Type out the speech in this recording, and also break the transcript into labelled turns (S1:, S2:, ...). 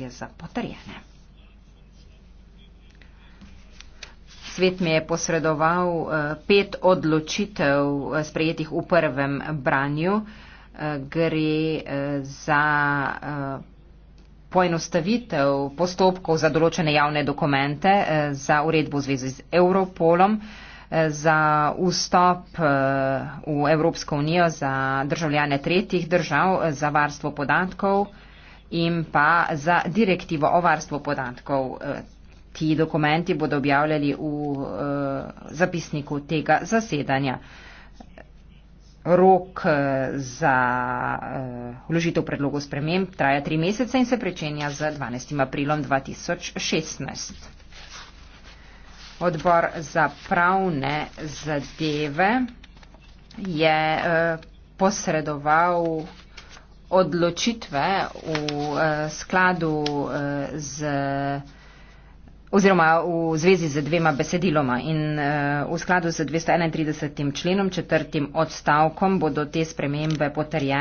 S1: informacije za potrjene. Svet mi je posredoval eh, pet odločitev eh, sprejetih v prvem branju. Eh, gre za poenostavitev postopkov za določene javne dokumente, za uredbo v zvezi z Europolom, za vstop v Evropsko unijo za državljane tretjih držav, za varstvo podatkov in pa za direktivo o varstvu podatkov. E, ti dokumenti bodo objavljali v e, zapisniku tega zasedanja. Rok e, za vložitev predlogov sprememb traja tri mesece in se prečenja z 12. aprilom 2016. Odbor za pravne zadeve je posredoval odločitve v uh, skladu uh, z oziroma v zvezi z dvema besediloma in uh, v skladu z 231. členom četrtim odstavkom bodo te
S2: spremembe potrjene.